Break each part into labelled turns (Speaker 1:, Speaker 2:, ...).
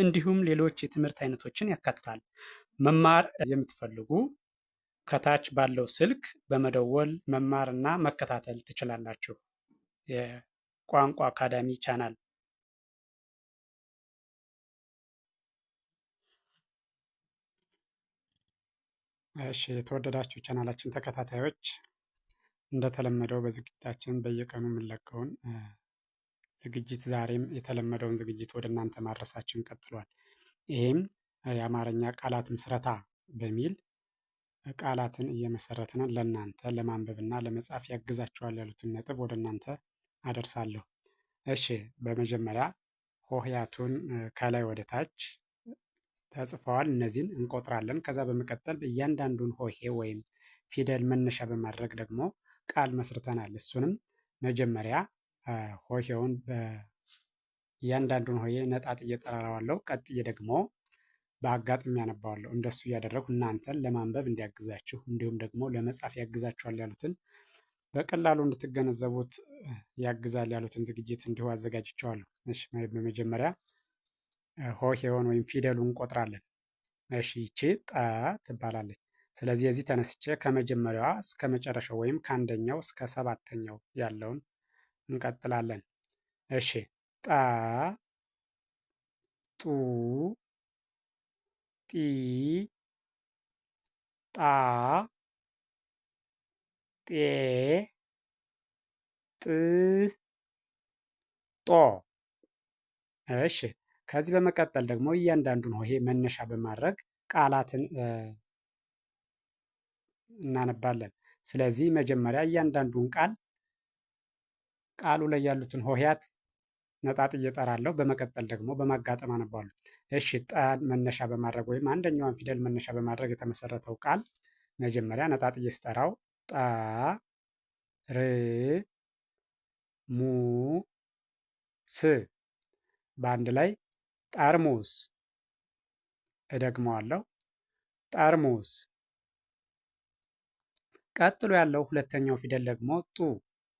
Speaker 1: እንዲሁም ሌሎች የትምህርት አይነቶችን ያካትታል። መማር የምትፈልጉ ከታች ባለው ስልክ በመደወል መማርና መከታተል ትችላላችሁ። የቋንቋ አካዳሚ ቻናል እሺ የተወደዳችሁ ቻናላችን ተከታታዮች እንደተለመደው በዝግጅታችን በየቀኑ የምንለቀውን ዝግጅት ዛሬም የተለመደውን ዝግጅት ወደ እናንተ ማድረሳችን ቀጥሏል። ይህም የአማርኛ ቃላት ምስረታ በሚል ቃላትን እየመሰረትን ለእናንተ ለማንበብና ለመጻፍ ያግዛችኋል ያሉትን ነጥብ ወደ እናንተ አደርሳለሁ። እሺ፣ በመጀመሪያ ሆሄያቱን ከላይ ወደ ታች ተጽፈዋል። እነዚህን እንቆጥራለን። ከዛ በመቀጠል እያንዳንዱን ሆሄ ወይም ፊደል መነሻ በማድረግ ደግሞ ቃል መስርተናል። እሱንም መጀመሪያ ሆሄውን እያንዳንዱን ሆሄ ነጣጥዬ እጠራራዋለሁ። ቀጥዬ ደግሞ በአጋጥሚ ያነባዋለሁ። እንደሱ እያደረግኩ እናንተን ለማንበብ እንዲያግዛችሁ እንዲሁም ደግሞ ለመጻፍ ያግዛችኋል ያሉትን በቀላሉ እንድትገነዘቡት ያግዛል ያሉትን ዝግጅት እንዲሁ አዘጋጅቸዋለሁ። እሺ በመጀመሪያ ሆሄውን ወይም ፊደሉን እንቆጥራለን። እሺ ይቺ ጠ ትባላለች። ስለዚህ የዚህ ተነስቼ ከመጀመሪያዋ እስከ መጨረሻው ወይም ከአንደኛው እስከ ሰባተኛው ያለውን እንቀጥላለን። እሺ ጠ ጡ ጢ ጣ ጤ ጥ ጦ። እሺ ከዚህ በመቀጠል ደግሞ እያንዳንዱን ሆሄ መነሻ በማድረግ ቃላትን እናነባለን። ስለዚህ መጀመሪያ እያንዳንዱን ቃል ቃሉ ላይ ያሉትን ሆሄያት ነጣጥዬ እየጠራለሁ በመቀጠል ደግሞ በማጋጠም አነባዋለሁ። እሺ፣ ጠን መነሻ በማድረግ ወይም አንደኛውን ፊደል መነሻ በማድረግ የተመሰረተው ቃል መጀመሪያ ነጣጥዬ እየስጠራው ጠ ር ሙ ስ በአንድ ላይ ጠርሙስ። እደግመዋለሁ፣ ጠርሙስ። ቀጥሎ ያለው ሁለተኛው ፊደል ደግሞ ጡ።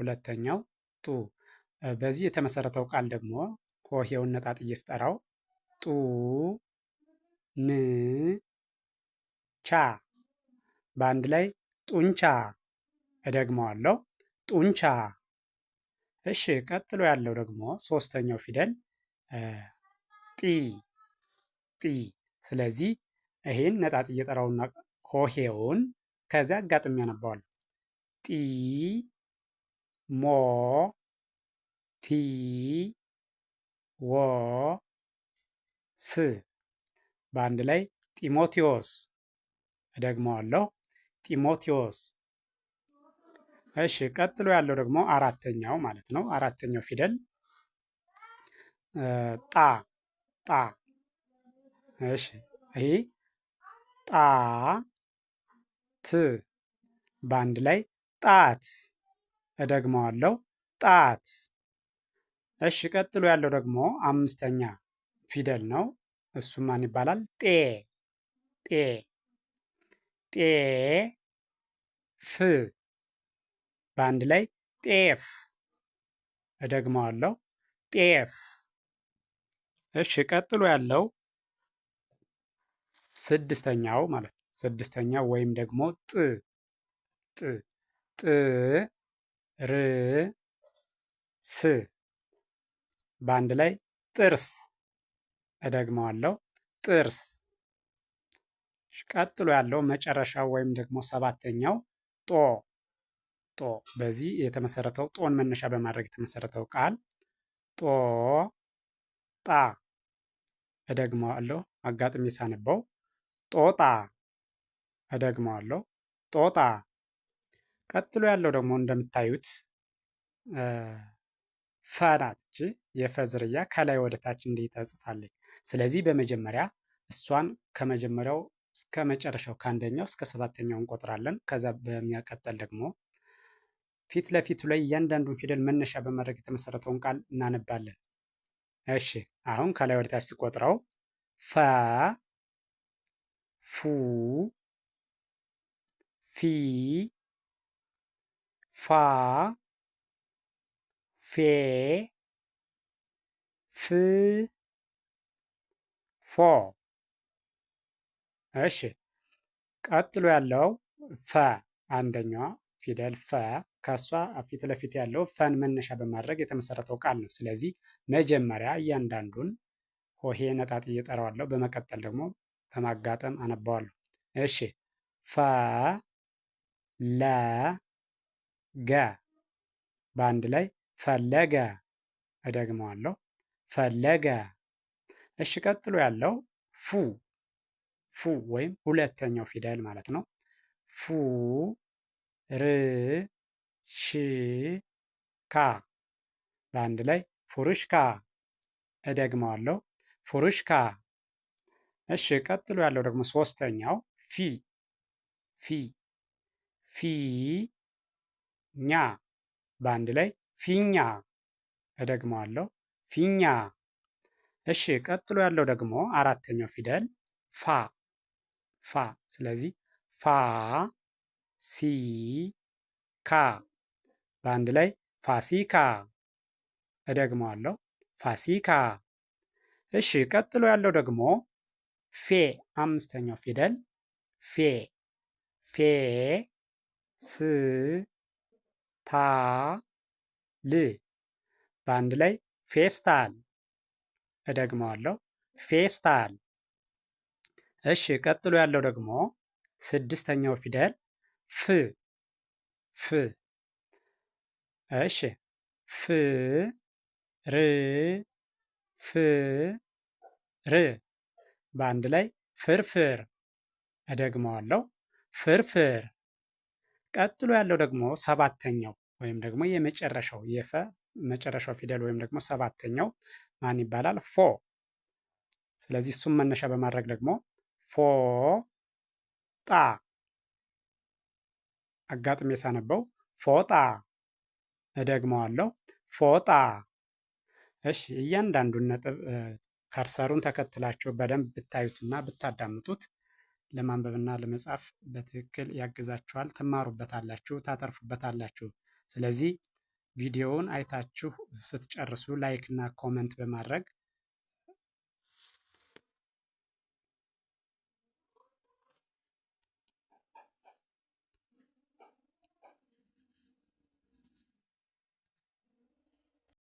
Speaker 1: ሁለተኛው ጡ በዚህ የተመሰረተው ቃል ደግሞ ሆሄውን ነጣጥዬ ስጠራው ጡ ን ቻ በአንድ ላይ ጡንቻ። እደግመዋለሁ ጡንቻ። እሺ፣ ቀጥሎ ያለው ደግሞ ሶስተኛው ፊደል ጢ ጢ። ስለዚህ ይሄን ነጣጥዬ ጠራውና ሆሄውን ከዚያ አጋጥሜ ያነባዋለሁ ጢ ሞ ቲ ወ ስ በአንድ ላይ ጢሞቴዎስ። እደግመዋለሁ ጢሞቴዎስ። እሺ፣ ቀጥሎ ያለው ደግሞ አራተኛው ማለት ነው። አራተኛው ፊደል ጣ ጣ። እሺ፣ ይሄ ጣ ት በአንድ ላይ ጣት እደግመዋለሁ ጣት። እሺ ቀጥሎ ያለው ደግሞ አምስተኛ ፊደል ነው። እሱ ማን ይባላል? ጤ ጤ ጤ ፍ በአንድ ላይ ጤፍ። እደግመዋለሁ ጤፍ። እሺ ቀጥሎ ያለው ስድስተኛው ማለት ነው። ስድስተኛው ወይም ደግሞ ጥ ጥ ጥ ር ስ በአንድ ላይ ጥርስ። እደግመዋለሁ ጥርስ። ቀጥሎ ያለው መጨረሻው ወይም ደግሞ ሰባተኛው ጦ ጦ። በዚህ የተመሰረተው ጦን መነሻ በማድረግ የተመሰረተው ቃል ጦ ጣ። እደግመዋለሁ አጋጥሜ ሳነበው ጦጣ። እደግመዋለሁ ጦጣ። ቀጥሎ ያለው ደግሞ እንደምታዩት ፈ ናት። እቺ የፈ ዝርያ ከላይ ወደ ታች እንዲህ ተጽፋለች። ስለዚህ በመጀመሪያ እሷን ከመጀመሪያው እስከ መጨረሻው ከአንደኛው እስከ ሰባተኛው እንቆጥራለን። ከዛ በሚያቀጠል ደግሞ ፊት ለፊቱ ላይ እያንዳንዱን ፊደል መነሻ በማድረግ የተመሰረተውን ቃል እናነባለን። እሺ አሁን ከላይ ወደ ታች ሲቆጥረው ፈ፣ ፉ፣ ፊ ፋ ፌ ፍ ፎ። እሺ ቀጥሎ ያለው ፈ አንደኛዋ ፊደል ፈ ከሷ ፊት ለፊት ያለው ፈን መነሻ በማድረግ የተመሰረተው ቃል ነው። ስለዚህ መጀመሪያ እያንዳንዱን ሆሄ ነጣጥዬ እጠራዋለሁ። በመቀጠል ደግሞ በማጋጠም አነባዋለሁ። እሺ ፈ ለ ገ በአንድ ላይ ፈለገ። እደግመዋለሁ፣ ፈለገ። እሺ፣ ቀጥሎ ያለው ፉ ፉ ወይም ሁለተኛው ፊደል ማለት ነው። ፉ ር ሽ ካ በአንድ ላይ ፉርሽካ። እደግመዋለሁ፣ ፉርሽካ። እሺ፣ ቀጥሎ ያለው ደግሞ ሶስተኛው ፊ ፊ ፊ ኛ በአንድ ላይ ፊኛ። እደግመዋለሁ ፊኛ። እሺ፣ ቀጥሎ ያለው ደግሞ አራተኛው ፊደል ፋ ፋ። ስለዚህ ፋ ሲ ካ በአንድ ላይ ፋሲካ። እደግመዋለሁ ፋሲካ። እሺ፣ ቀጥሎ ያለው ደግሞ ፌ አምስተኛው ፊደል ፌ ፌ ስ ታል ል በአንድ ላይ ፌስታል። እደግመዋለሁ ፌስታል። እሺ፣ ቀጥሎ ያለው ደግሞ ስድስተኛው ፊደል ፍ ፍ። እሺ፣ ፍ ር ፍ ር በአንድ ላይ ፍርፍር። እደግመዋለሁ ፍርፍር። ቀጥሎ ያለው ደግሞ ሰባተኛው ወይም ደግሞ የመጨረሻው የፈ መጨረሻው ፊደል ወይም ደግሞ ሰባተኛው ማን ይባላል? ፎ። ስለዚህ እሱም መነሻ በማድረግ ደግሞ ፎ ጣ አጋጥሜ ሳነበው ፎጣ እደግመዋለሁ። ፎጣ። እሺ እያንዳንዱን ነጥብ ከርሰሩን ተከትላችሁ በደንብ ብታዩትና ብታዳምጡት ለማንበብና ለመጻፍ በትክክል ያግዛችኋል። ትማሩበታላችሁ፣ ታተርፉበታላችሁ። ስለዚህ ቪዲዮውን አይታችሁ ስትጨርሱ ላይክ እና ኮመንት በማድረግ